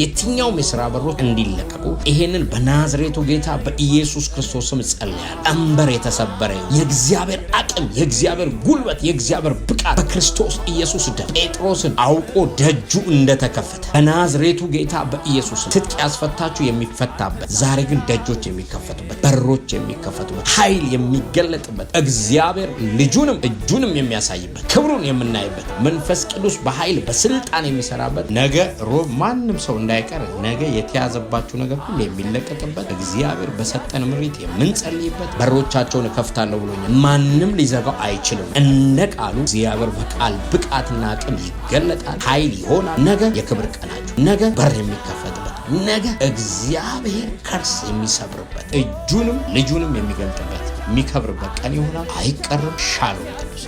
የትኛውም የስራ በሮች እንዲለቀቁ ይሄንን በናዝሬቱ ጌታ በኢየሱስ ክርስቶስ ስም ጸልያል። አንበር የተሰበረ የእግዚአብሔር አቅም፣ የእግዚአብሔር ጉልበት፣ የእግዚአብሔር ብቃት በክርስቶስ ኢየሱስ ደም ጴጥሮስን አውቆ ደጁ እንደተከፈተ በናዝሬቱ ጌታ በኢየሱስ ትጥቅ ያስፈታችሁ የሚፈታበት ዛሬ ግን ደጆች የሚከፈቱበት በሮች የሚከፈቱበት ኃይል የሚገለጥበት እግዚአብሔር ልጁንም እጁንም የሚያሳይበት ክብሩን የምናይበት መንፈስ ቅዱስ በኃይል በስልጣን የሚሰራበት ነገ ሮብ ማንም ሰው እንዳይቀር ነገ የተያዘባችሁ ነገር ሁሉ የሚለቀቅበት እግዚአብሔር በሰጠን ምሪት የምንጸልይበት በሮቻቸውን እከፍታለሁ ብሎኛል። ማንም ሊዘጋው አይችልም። እንደ ቃሉ እግዚአብሔር በቃል ብቃትና አቅም ይገለጣል፣ ኃይል ይሆናል። ነገ የክብር ቀናችሁ፣ ነገ በር የሚከፈትበት ነገ እግዚአብሔር ከርስ የሚሰብርበት እጁንም ልጁንም የሚገልጥበት የሚከብርበት ቀን ይሆናል። አይቀርም። ሻሎም ቅዱስ